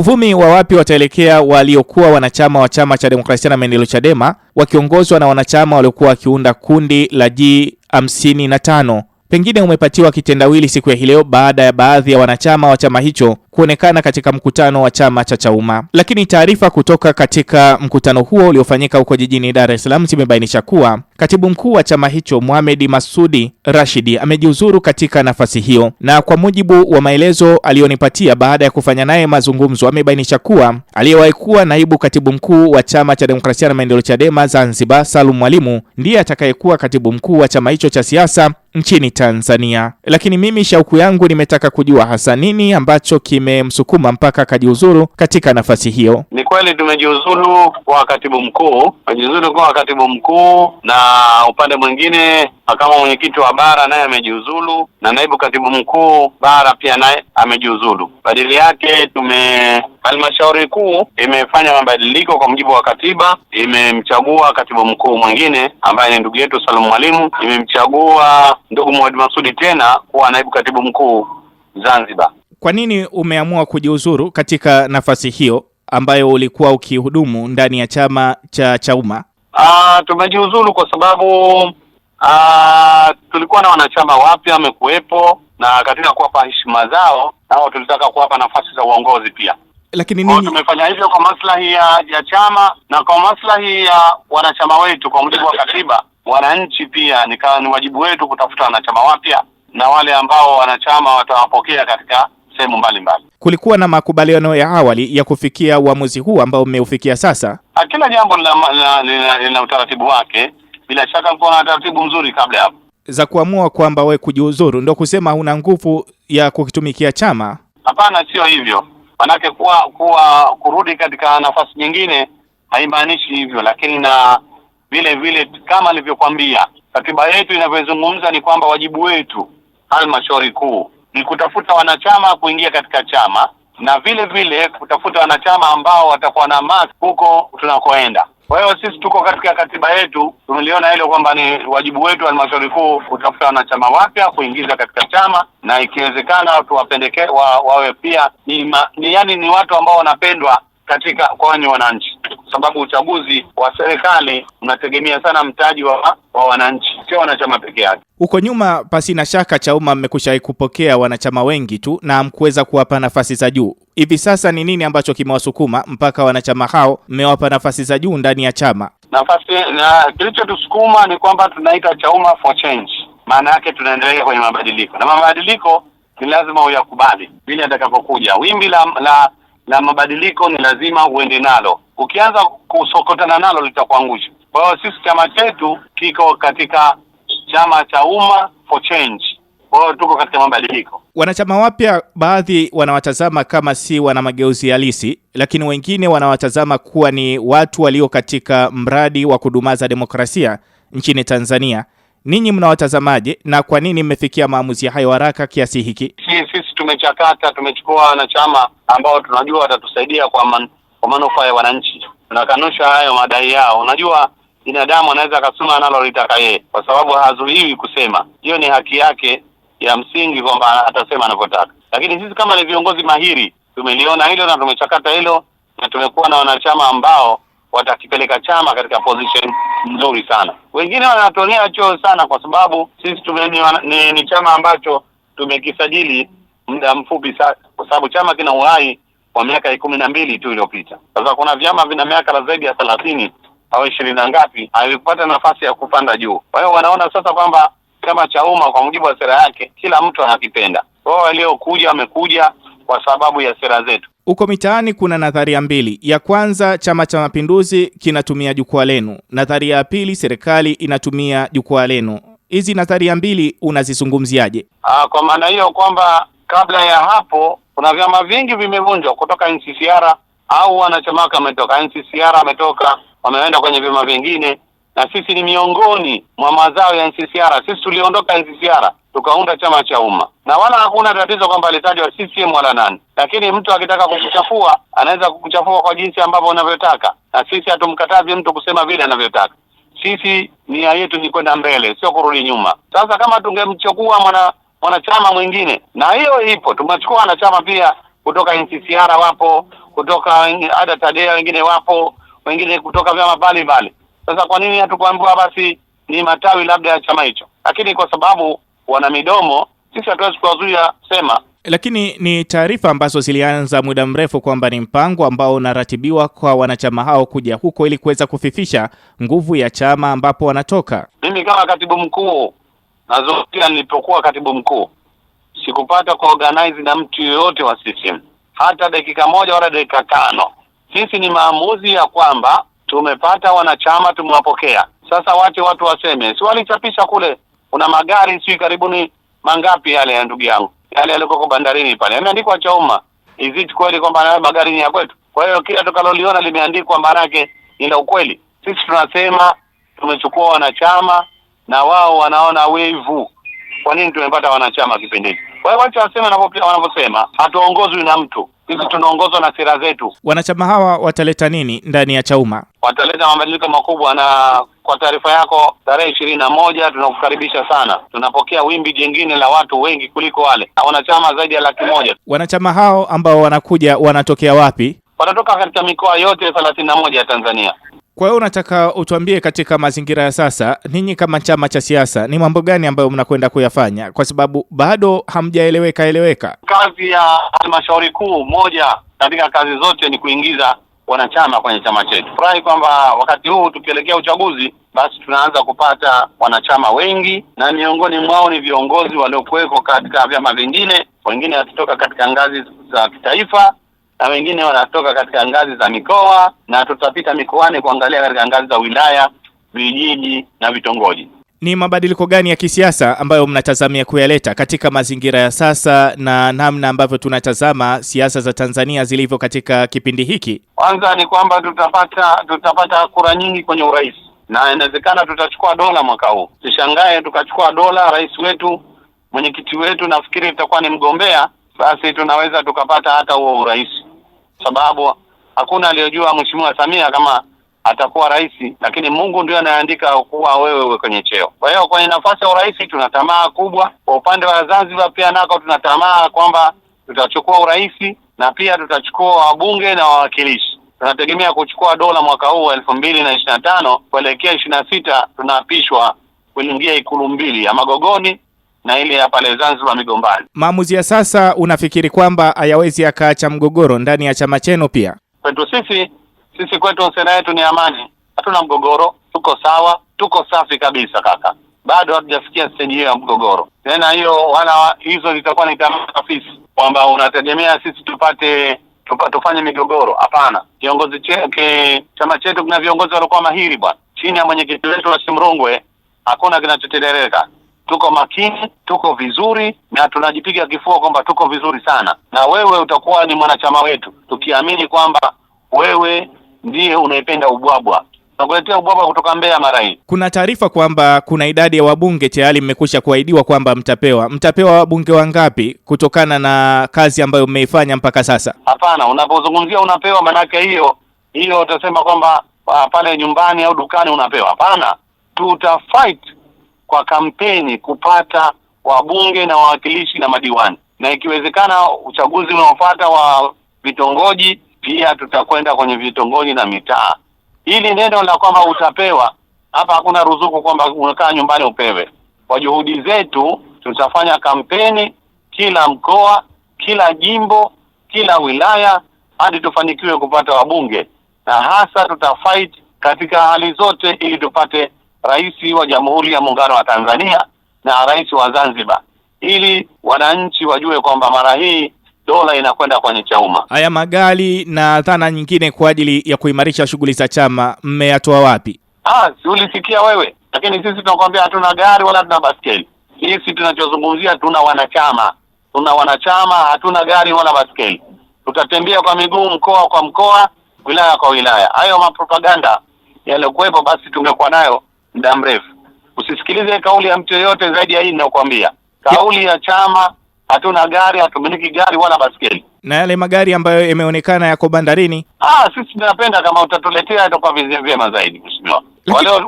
Uvumi wa wapi wataelekea waliokuwa wanachama wa chama cha demokrasia na maendeleo Chadema wakiongozwa na wanachama waliokuwa wakiunda kundi la G55 pengine umepatiwa kitendawili siku ya hii leo baada ya baadhi ya wanachama wa chama hicho kuonekana katika mkutano wa chama cha Chauma. Lakini taarifa kutoka katika mkutano huo uliofanyika huko jijini Dar es Salaam zimebainisha kuwa katibu mkuu wa chama hicho Mohamed Masudi Rashidi amejiuzuru katika nafasi hiyo, na kwa mujibu wa maelezo aliyonipatia baada ya kufanya naye mazungumzo, amebainisha kuwa aliyewahi kuwa naibu katibu mkuu wa chama cha demokrasia na maendeleo Chadema Zanzibar Salum Mwalimu ndiye atakayekuwa katibu mkuu wa chama hicho cha siasa nchini Tanzania. Lakini mimi shauku yangu nimetaka kujua hasa nini ambacho ki imemsukuma mpaka akajiuzuru katika nafasi hiyo. Ni kweli tumejiuzuru kwa katibu mkuu, tumejiuzuru kwa katibu mkuu, na upande mwingine kama mwenyekiti wa bara naye amejiuzulu, na naibu katibu mkuu bara pia naye amejiuzulu. Badili yake tume halmashauri kuu imefanya mabadiliko kwa mujibu wa katiba, imemchagua katibu mkuu mwingine ambaye ni ndugu yetu Salum Mwalimu, imemchagua ndugu Muhammad Masudi tena kuwa naibu katibu mkuu Zanzibar. Kwa nini umeamua kujiuzuru katika nafasi hiyo ambayo ulikuwa ukihudumu ndani ya chama cha Chauma? Ah, tumejiuzuru kwa sababu ah, tulikuwa na wanachama wapya wamekuwepo, na katika kuwapa heshima zao nao tulitaka kuwapa nafasi za uongozi pia lakini nini, tumefanya hivyo kwa maslahi ya, ya chama na kwa maslahi ya wanachama wetu kwa mujibu wa katiba, wananchi pia. Nikawa ni wajibu wetu kutafuta wanachama wapya na wale ambao wanachama watawapokea katika sehemu mbalimbali. Kulikuwa na makubaliano ya awali ya kufikia uamuzi huu ambao mmeufikia sasa? Ah, kila jambo lina utaratibu wake, bila shaka kuwa na utaratibu mzuri kabla ya hapo za kuamua kwamba we kujiuzuru, ndio kusema una nguvu ya kukitumikia chama? Hapana, sio hivyo. Manake kuwa, kuwa kurudi katika nafasi nyingine haimaanishi hivyo, lakini na vile vile kama nilivyokwambia, katiba yetu inavyozungumza ni kwamba wajibu wetu halmashauri kuu ni kutafuta wanachama kuingia katika chama na vile vile kutafuta wanachama ambao watakuwa na mask huko tunakoenda. Kwa hiyo sisi tuko katika katiba yetu, tumeliona hilo kwamba ni wajibu wetu halmashauri kuu kutafuta wanachama wapya kuingiza katika chama, na ikiwezekana tuwapendekee wa, wawe pia ni, ma, ni yani ni watu ambao wanapendwa katika kwa wenye wananchi, sababu uchaguzi wa serikali unategemea sana mtaji wa, wa wananchi, sio wanachama peke yake. Huko nyuma, pasi na shaka, Chauma mmekushai kupokea wanachama wengi tu na mkuweza kuwapa nafasi za juu. Hivi sasa ni nini ambacho kimewasukuma mpaka wanachama hao mmewapa nafasi za juu ndani ya chama? Nafasi na kilichotusukuma ni kwamba tunaita Chauma for Change, maana yake tunaendelea kwenye mabadiliko, na mabadiliko ni lazima uyakubali vile atakapokuja wimbi la, la na mabadiliko ni lazima uende nalo. Ukianza kusokotana nalo litakuangusha. Kwa hiyo sisi chama chetu kiko katika chama cha umma for change, kwa hiyo tuko katika mabadiliko. Wanachama wapya baadhi wanawatazama kama si wana mageuzi halisi, lakini wengine wanawatazama kuwa ni watu walio katika mradi wa kudumaza demokrasia nchini Tanzania ninyi mnawatazamaje na kwa nini mmefikia maamuzi hayo haraka kiasi hiki? Sisi tumechakata, tumechukua wanachama ambao tunajua watatusaidia kwa man, kwa manufaa ya wananchi. Tunakanusha hayo madai yao. Unajua, binadamu anaweza akasema analolitaka yeye, kwa sababu hazuiwi kusema. Hiyo ni haki yake ya msingi kwamba atasema anavyotaka, lakini sisi kama ni viongozi mahiri tumeliona hilo na tumechakata hilo, na tumekuwa na wanachama ambao watakipeleka chama katika position nzuri sana. Wengine wanatonia choo sana, kwa sababu sisi tume, ni, ni, ni chama ambacho tumekisajili muda mfupi sa, kwa sababu chama kina uhai wa miaka kumi na mbili tu iliyopita. Sasa kuna vyama vina miaka zaidi ya thelathini au ishirini na ngapi, havipata nafasi ya kupanda juu. Kwa hiyo wanaona sasa kwamba chama cha umma kwa mujibu wa sera yake, kila mtu anakipenda. Wao waliokuja wamekuja kwa sababu ya sera zetu. Huko mitaani kuna nadharia mbili. Ya kwanza, Chama cha Mapinduzi kinatumia jukwaa lenu. Nadharia ya pili, serikali inatumia jukwaa lenu. Hizi nadharia mbili unazizungumziaje? Ah, kwa maana hiyo kwamba kabla ya hapo kuna vyama vingi vimevunjwa kutoka NCCR au wanachamaka wametoka NCCR, ametoka wameenda kwenye vyama vingine, na sisi ni miongoni mwa mazao ya NCCR. Sisi tuliondoka NCCR tukaunda chama cha umma na wala hakuna tatizo kwamba alitajwa CCM wala nani, lakini mtu akitaka kukuchafua anaweza kukuchafua kwa jinsi ambavyo unavyotaka, na sisi hatumkatazi mtu kusema vile anavyotaka. Sisi nia yetu ni kwenda mbele, sio kurudi nyuma. Sasa kama tungemchukua mwana mwanachama mwingine, na hiyo ipo, tumechukua wanachama pia kutoka NCCR wapo, kutoka ada tadea wengine wapo, wengine kutoka vyama mbalimbali. Sasa kwa nini hatukuambiwa basi ni matawi labda ya chama hicho? Lakini kwa sababu wana midomo, sisi hatuwezi kuwazuia sema lakini ni taarifa ambazo zilianza muda mrefu kwamba ni mpango ambao unaratibiwa kwa wanachama hao kuja huko ili kuweza kufifisha nguvu ya chama ambapo wanatoka. Mimi kama katibu mkuu nazungumzia, nilipokuwa katibu mkuu sikupata kuorganize na mtu yoyote wa CCM hata dakika moja wala dakika tano. Sisi ni maamuzi ya kwamba tumepata wanachama, tumewapokea. Sasa wache watu waseme, si walichapisha kule kuna magari sio karibuni mangapi yale ya ndugu yangu yale yalikuwa kwa bandarini pale yameandikwa Chauma. Is kweli kwamba na magari ni ya kwetu? Kwa hiyo kila tukaloliona limeandikwa maanake ni la ukweli. Sisi tunasema tumechukua wanachama na wao wanaona wivu. Kwa nini tumepata wanachama kipindi Kwa hiyo wacha waseme wanavyosema, hatuongozwi na mtu, sisi tunaongozwa na sera zetu. Wanachama hawa wataleta nini ndani ya Chauma? Wataleta mabadiliko makubwa na kwa taarifa yako, tarehe ishirini na moja tunakukaribisha sana. Tunapokea wimbi jingine la watu wengi kuliko wale wanachama, zaidi ya laki moja. Wanachama hao ambao wanakuja wanatokea wapi? Wanatoka katika mikoa yote thelathini na moja ya Tanzania. Kwa hiyo unataka utuambie katika mazingira ya sasa, ninyi kama chama cha siasa ni mambo gani ambayo mnakwenda kuyafanya, kwa sababu bado hamjaeleweka eleweka? Kazi ya halmashauri kuu moja katika kazi zote ni kuingiza wanachama kwenye chama chetu. Furahi kwamba wakati huu tukielekea uchaguzi, basi tunaanza kupata wanachama wengi, na miongoni mwao ni viongozi waliokuweko katika vyama vingine. Wengine wakitoka katika ngazi za kitaifa na wengine wanatoka katika ngazi za mikoa, na tutapita mikoani kuangalia katika ngazi za wilaya, vijiji na vitongoji. Ni mabadiliko gani ya kisiasa ambayo mnatazamia kuyaleta katika mazingira ya sasa na namna ambavyo tunatazama siasa za Tanzania zilivyo katika kipindi hiki? Kwanza ni kwamba tutapata tutapata kura nyingi kwenye urais na inawezekana tutachukua dola mwaka huu. Tushangae tukachukua dola. Rais wetu, mwenyekiti wetu nafikiri itakuwa ni mgombea, basi tunaweza tukapata hata huo urais, sababu hakuna aliyojua Mheshimiwa Samia kama atakuwa rais, lakini Mungu ndio anayeandika kuwa wewe uwe kwenye cheo. Kwa hiyo kwenye nafasi ya urais tuna tamaa kubwa. Kwa upande wa Zanzibar pia nako tuna tamaa kwamba tutachukua urais na pia tutachukua wabunge na wawakilishi. Tunategemea kuchukua dola mwaka huu elfu mbili na ishirini na tano kuelekea ishirini na sita tunaapishwa kuingia ikulu mbili ya Magogoni na ile ya pale Zanzibar Migombani. Maamuzi ya sasa unafikiri kwamba hayawezi akaacha mgogoro ndani ya chama chenu? Pia kwetu sisi sisi kwetu sera yetu ni amani, hatuna mgogoro, tuko sawa, tuko safi kabisa kaka. Bado hatujafikia stage hiyo ya mgogoro tena, hiyo wala hizo zitakuwa ni tamaa afisi kwamba unategemea sisi tupate tupa, tufanye migogoro. Hapana, kiongozi chake chama chetu kina viongozi waliokuwa mahiri bwana, chini ya mwenyekiti wetu wa Simrungwe hakuna kinachotetereka. Tuko makini, tuko vizuri na tunajipiga kifua kwamba tuko vizuri sana, na wewe utakuwa ni mwanachama wetu, tukiamini kwamba wewe ndiye unaipenda ubwabwa. Nakuletea ubwabwa kutoka Mbeya mara hii. Kuna taarifa kwamba kuna idadi ya wabunge tayari mmekwisha kuahidiwa kwamba mtapewa. Mtapewa wabunge wangapi kutokana na kazi ambayo mmeifanya mpaka sasa? Hapana, unapozungumzia unapewa, maanake hiyo hiyo utasema kwamba pale nyumbani au dukani unapewa. Hapana, tutafight kwa kampeni kupata wabunge na wawakilishi na madiwani, na ikiwezekana uchaguzi unaofata wa vitongoji pia tutakwenda kwenye vitongoji na mitaa. Hili neno la kwamba utapewa hapa, hakuna ruzuku kwamba unakaa nyumbani upewe. Kwa juhudi zetu tutafanya kampeni kila mkoa, kila jimbo, kila wilaya hadi tufanikiwe kupata wabunge, na hasa tutafight katika hali zote ili tupate rais wa Jamhuri ya Muungano wa Tanzania na rais wa Zanzibar, ili wananchi wajue kwamba mara hii dola inakwenda kwa chauma Haya magari na dhana nyingine kwa ajili ya kuimarisha shughuli za chama mmeyatoa wapi? Ah, si ulisikia wewe, lakini sisi tunakwambia hatuna gari wala hatuna baskeli. Sisi tunachozungumzia tuna wanachama, tuna wanachama, hatuna gari wala baskeli. Tutatembea kwa miguu mkoa kwa mkoa, wilaya kwa wilaya. Hayo mapropaganda yaliyokuwepo, basi tungekuwa nayo muda mrefu. Usisikilize kauli ya mtu yoyote zaidi ya hii ninayokuambia, kauli ya chama hatuna gari, hatumiliki gari wala baskeli. Na yale magari ambayo yameonekana yako bandarini, ah, sisi tunapenda kama utatuletea itakuwa vyema zaidi, mheshimiwa.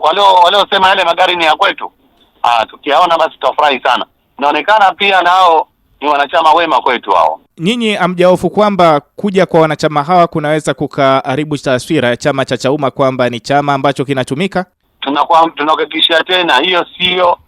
Walio waliosema yale magari ni ya kwetu, ah, tukiaona basi tutafurahi sana. Inaonekana pia nao ni wanachama wema kwetu hao. Nyinyi hamjahofu kwamba kuja kwa wanachama hawa kunaweza kukaharibu taswira ya chama cha Chauma kwamba ni chama ambacho kinatumika? Tunakuhakikishia tena, hiyo siyo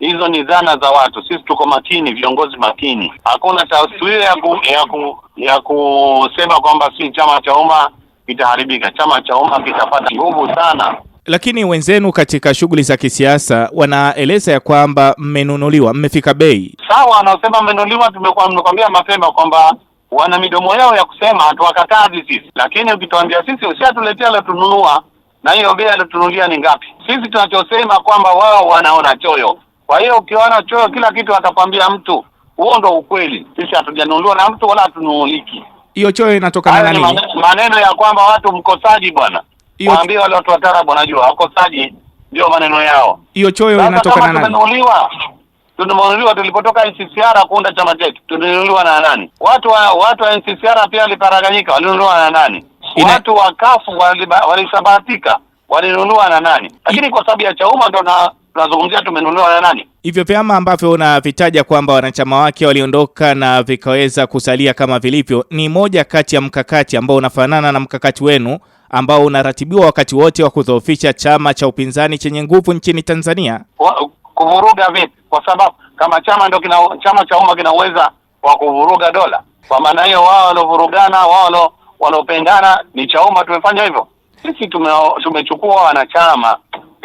Hizo ni dhana za watu. Sisi tuko makini, viongozi makini. Hakuna taswira ya ku, ya ku, ya kusema kwamba si chama cha umma kitaharibika. Chama cha umma kitapata nguvu sana. Lakini wenzenu katika shughuli za kisiasa wanaeleza ya kwamba mmenunuliwa, mmefika bei. Sawa, wanaosema mmenunuliwa, tumekuwa tumekwambia mapema kwamba wana midomo yao ya kusema, hatuwakatazi sisi, lakini ukituambia sisi usiatuletea lotununua na hiyo bei alotunulia ni ngapi? Sisi tunachosema kwamba wao wanaona choyo kwa hiyo ukiona choyo kila kitu atakwambia mtu, huo ndo ukweli. Sisi hatujanunuliwa na mtu wala hatununuliki. Hiyo choyo inatokana na nini? Maneno ya kwamba watu mkosaji bwana, waambie wale watu wa tarabu wanajua wakosaji, ndio maneno yao. Hiyo choyo inatokana na nani? Tununuliwa tulipotoka NCCR kuunda chama chetu, tunuliwa na nani? Watu wa watu wa NCCR pia waliparaganyika, walinunuliwa na nani? Ina... Watu wa kafu walisabahatika, na nani? Lakini kwa sababu ya Chauma ndo na tunazungumzia tumenunuliwa na nani? Hivyo vyama ambavyo unavitaja kwamba wanachama wake waliondoka na vikaweza kusalia kama vilivyo, ni moja kati ya mkakati ambao unafanana na mkakati wenu ambao unaratibiwa wakati wote wa kudhoofisha chama cha upinzani chenye nguvu nchini Tanzania. Kuvuruga vipi? Kwa sababu kama chama ndio kina chama cha umma kina uwezo wa kuvuruga dola, kwa maana hiyo wao waliovurugana, wao waliopendana ni cha umma. Tumefanya hivyo sisi, tumechukua wanachama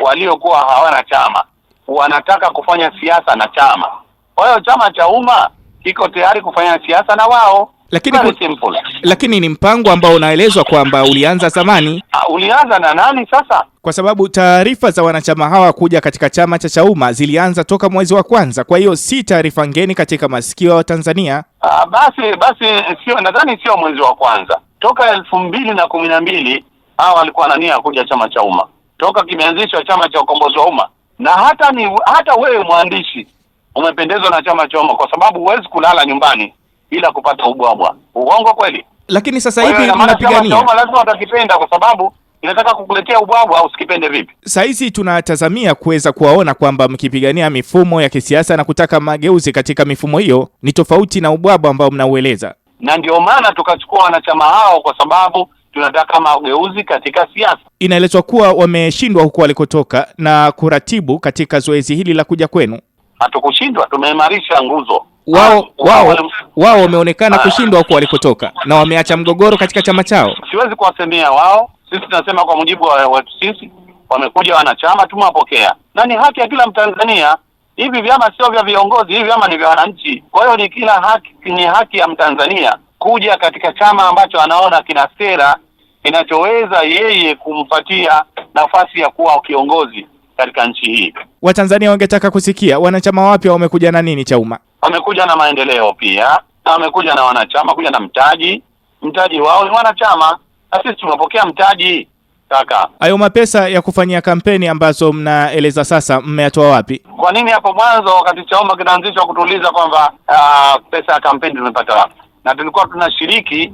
waliokuwa hawana chama wanataka kufanya siasa na chama. Kwa hiyo chama cha umma kiko tayari kufanya siasa na wao, lakini ku... lakini ni mpango ambao unaelezwa kwamba ulianza zamani. Ah, ulianza na nani sasa? Kwa sababu taarifa za wanachama hawa kuja katika chama cha Chauma zilianza toka mwezi wa kwanza, kwa hiyo si taarifa ngeni katika masikio ya Watanzania. Ah, basi basi sio, nadhani sio mwezi wa kwanza, toka elfu mbili na kumi na mbili hawa walikuwa na nia ya kuja chama cha umma toka kimeanzishwa Chama cha Ukombozi wa Umma, na hata ni hata wewe mwandishi umependezwa na Chama cha Umma, kwa sababu huwezi kulala nyumbani bila kupata ubwabwa. Uongo kweli? Lakini sasa hivi mnapigania Chama cha Umma, lazima utakipenda kwa sababu inataka kukuletea ubwabwa au usikipende vipi? Sahizi tunatazamia kuweza kuwaona kwamba mkipigania mifumo ya kisiasa na kutaka mageuzi katika mifumo hiyo ni tofauti na ubwabwa ambao mnaueleza, na ndio maana tukachukua wanachama hao kwa sababu tunataka mageuzi katika siasa. Inaelezwa kuwa wameshindwa huko walikotoka na kuratibu katika zoezi hili la kuja kwenu. Hatukushindwa, tumeimarisha nguzo wao ah, wao wao wameonekana kushindwa huko walikotoka na wameacha mgogoro katika chama chao. Siwezi kuwasemea wao, sisi tunasema kwa mujibu wa wetu sisi. Wamekuja wanachama, tumewapokea na ni haki ya kila Mtanzania. Hivi vyama sio vya viongozi, hivi vyama ni vya wananchi. Kwa hiyo ni kila haki, ni haki ya Mtanzania kuja katika chama ambacho anaona kina sera inachoweza yeye kumpatia nafasi ya kuwa kiongozi katika nchi hii. Watanzania wangetaka kusikia wanachama wapya wamekuja na nini Chauma? Wamekuja na maendeleo pia, na wamekuja na wanachama, kuja na mtaji. Mtaji wao ni wanachama, na sisi tunapokea mtaji kaka. Hayo mapesa ya kufanyia kampeni ambazo mnaeleza sasa, mmeyatoa wapi? Kwa nini hapo mwanzo wakati Chauma kinaanzishwa kutuuliza kwamba ah, pesa ya kampeni tumepata wapi? na tulikuwa tunashiriki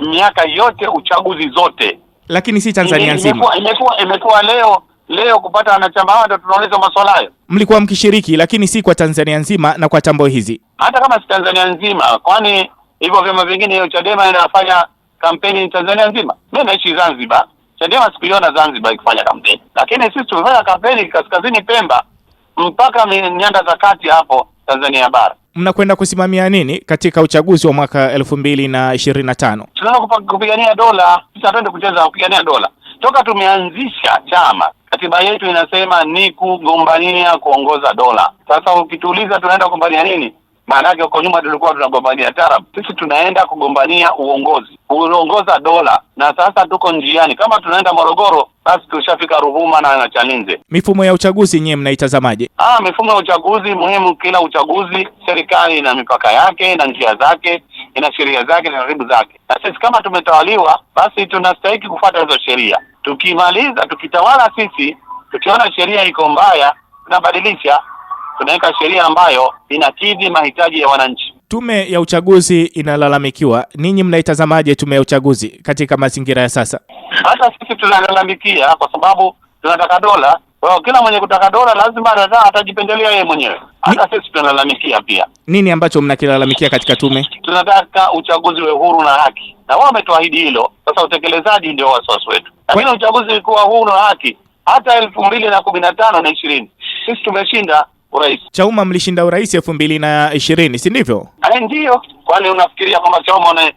miaka yote uchaguzi zote, lakini si Tanzania nzima. Imekuwa imekuwa leo leo kupata wanachama hawa ndio tunauliza maswala hayo. Mlikuwa mkishiriki, lakini si kwa Tanzania nzima na kwa tambo hizi, hata kama si Tanzania nzima, kwani hivyo vyama vingine. Hiyo Chadema inafanya kampeni Tanzania nzima. Mimi naishi Zanzibar, Chadema sikuiona Zanzibar ikifanya kampeni, lakini sisi tumefanya kampeni kaskazini Pemba mpaka nyanda za kati hapo Tanzania bara mnakwenda kusimamia nini katika uchaguzi wa mwaka elfu mbili na ishirini na tano? Kupigania dola, hatuende kucheza kupigania dola. Toka tumeanzisha chama katiba yetu inasema ni kugombania kuongoza dola. Sasa ukituuliza tunaenda kugombania nini? Maanake huko nyuma tulikuwa tunagombania tarab, sisi tunaenda kugombania uongozi, kuongoza dola, na sasa tuko njiani. Kama tunaenda Morogoro, basi tulishafika Ruvuma na na Chalinze. Mifumo ya uchaguzi nyewe mnaitazamaje? Ah, mifumo ya uchaguzi muhimu. Kila uchaguzi serikali ina mipaka yake, ina njia zake, ina sheria zake na taratibu zake, na sisi kama tumetawaliwa, basi tunastahiki kufuata hizo sheria. Tukimaliza tukitawala sisi, tukiona sheria iko mbaya, tunabadilisha tunaweka sheria ambayo inakidhi mahitaji ya wananchi. Tume ya uchaguzi inalalamikiwa, ninyi mnaitazamaje tume ya uchaguzi katika mazingira ya sasa? Hata sisi tunalalamikia kwa sababu tunataka dola. Kwa kila mwenye kutaka dola lazima atajipendelea yeye mwenyewe. Hata sisi tunalalamikia pia. Nini ambacho mnakilalamikia katika tume? Tunataka uchaguzi we huru na haki, na wao wametuahidi hilo. Sasa utekelezaji ndio wasiwasi wetu, lakini uchaguzi ulikuwa huru na haki hata elfu mbili na kumi na tano na ishirini sisi tumeshinda urais. Chauma mlishinda urais elfu mbili na ishirini si ndivyo? Eh, Ndiyo. Kwani unafikiria kwamba Chauma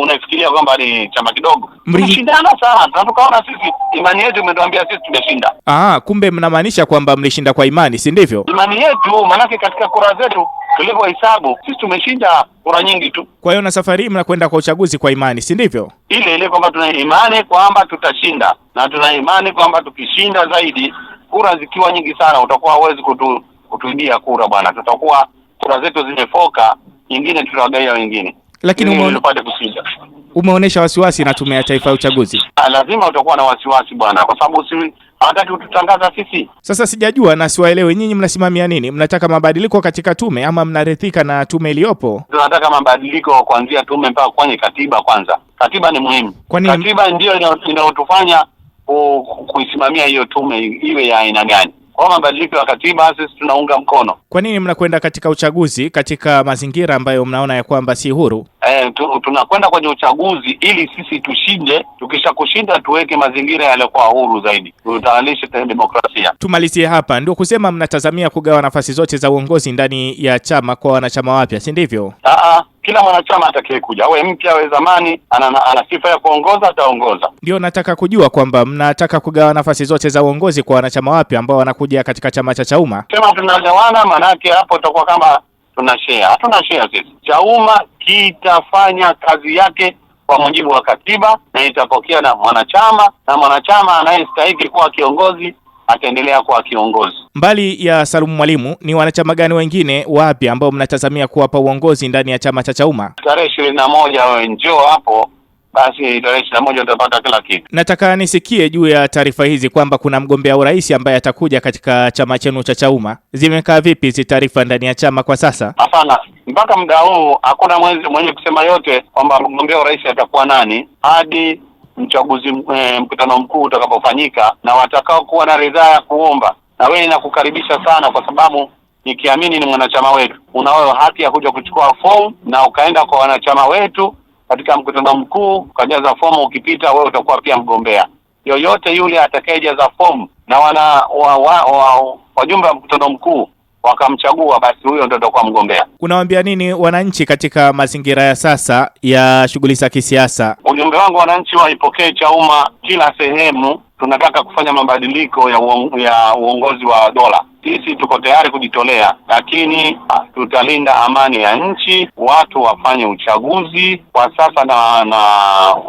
unaifikiria kwamba ni chama kidogo? Mlishindana sana na tukaona sisi imani yetu imetuambia sisi tumeshinda. Ah, kumbe mnamaanisha kwamba mlishinda kwa imani si ndivyo? Imani yetu, maanake katika kura zetu tulivyohesabu sisi tumeshinda kura nyingi tu. Kwa hiyo na safari hii mnakwenda kwa uchaguzi kwa imani si ndivyo? Ile ile kwamba tuna imani kwamba tutashinda na tuna imani kwamba tukishinda zaidi kura zikiwa nyingi sana utakuwa hauwezi kutu kutuibia kura bwana, tutakuwa kura zetu zimefoka, nyingine tutawagaia wengine, lakini umeona kusija umeonesha wasiwasi na Tume ya Taifa ya Uchaguzi. Ha, ah, lazima utakuwa na wasiwasi bwana, kwa sababu si hawataki kututangaza sisi. Sasa sijajua na siwaelewe, nyinyi mnasimamia nini? Mnataka mabadiliko katika tume ama mnaridhika na tume iliyopo? Tunataka mabadiliko kuanzia tume mpaka kwenye katiba. Kwanza katiba ni muhimu, kwani katiba ndiyo inayotufanya kuisimamia hiyo tume iwe ya aina gani kwa mabadiliko ya katiba sisi tunaunga mkono. Kwa nini mnakwenda katika uchaguzi katika mazingira ambayo mnaona ya kwamba si huru? E, tu, tunakwenda kwenye uchaguzi ili sisi tushinde. Tukisha kushinda tuweke mazingira yaliyokuwa huru zaidi, tutaanishe tena demokrasia. Tumalizie hapa, ndio kusema mnatazamia kugawa nafasi zote za uongozi ndani ya chama kwa wanachama wapya, si ndivyo? Ah, ah kila mwanachama atakayekuja awe mpya awe zamani, ana, ana sifa ya kuongoza, ataongoza. Ndio nataka kujua kwamba mnataka kugawa nafasi zote za uongozi kwa wanachama wapya ambao wanakuja katika chama cha Chauma. Sema tunagawana, maanake hapo tutakuwa kama tuna share. Hatuna share sisi. Chauma kitafanya kazi yake kwa mujibu wa katiba na itapokea na mwanachama, na mwanachama anayestahili kuwa kiongozi ataendelea kuwa kiongozi. Mbali ya Salumu Mwalimu, ni wanachama gani wengine wapya ambao mnatazamia kuwapa uongozi ndani ya chama cha Chauma? Tarehe ishirini na moja wewe njoo hapo basi tarehe ishirini na moja utapata kila kitu. Nataka nisikie juu ya taarifa hizi kwamba kuna mgombea urais ambaye atakuja katika chama chenu cha Chauma. Zimekaa vipi hizi taarifa ndani ya chama kwa sasa? Hapana, mpaka muda huu hakuna mwenye kusema yote kwamba mgombea urais atakuwa nani hadi mchaguzi e, mkutano mkuu utakapofanyika na watakao kuwa na ridhaa ya kuomba, na wewe nakukaribisha sana, kwa sababu nikiamini ni mwanachama wetu, unayo haki ya kuja kuchukua fomu na ukaenda kwa wanachama wetu katika mkutano mkuu ukajaza fomu. Ukipita wewe utakuwa pia mgombea. Yoyote yule atakayejaza fomu na wana wa, wa, wa, wa, wajumbe wa mkutano mkuu wakamchagua, basi huyo ndo atakuwa mgombea. Unawaambia nini wananchi katika mazingira ya sasa ya shughuli za kisiasa? Ujumbe wangu wananchi waipokee CHAUMMA kila sehemu. Tunataka kufanya mabadiliko ya uongozi wa dola. Sisi tuko tayari kujitolea, lakini ah, tutalinda amani ya nchi. Watu wafanye uchaguzi kwa sasa, na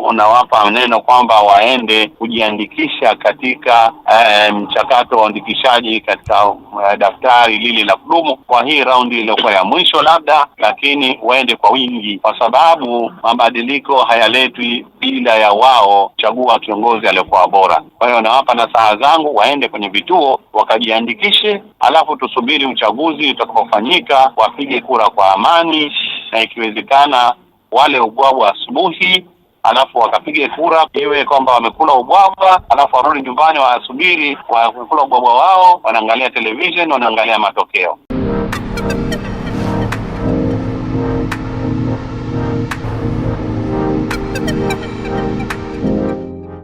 unawapa na neno kwamba waende kujiandikisha katika eh, mchakato um, wa uandikishaji katika uh, daftari lile la kudumu kwa hii raundi iliyokuwa ya mwisho labda, lakini waende kwa wingi, kwa sababu mabadiliko hayaletwi bila ya wao chagua kiongozi aliyokuwa bora. Kwa hiyo nawapa na saa zangu, waende kwenye vituo wakajiandikishe alafu tusubiri uchaguzi utakapofanyika, wapige kura kwa amani, na ikiwezekana wale ubwabwa asubuhi alafu wakapiga kura, iwe kwamba wamekula ubwabwa, alafu warudi nyumbani, wasubiri wakula ubwabwa wao, wanaangalia television, wanaangalia matokeo.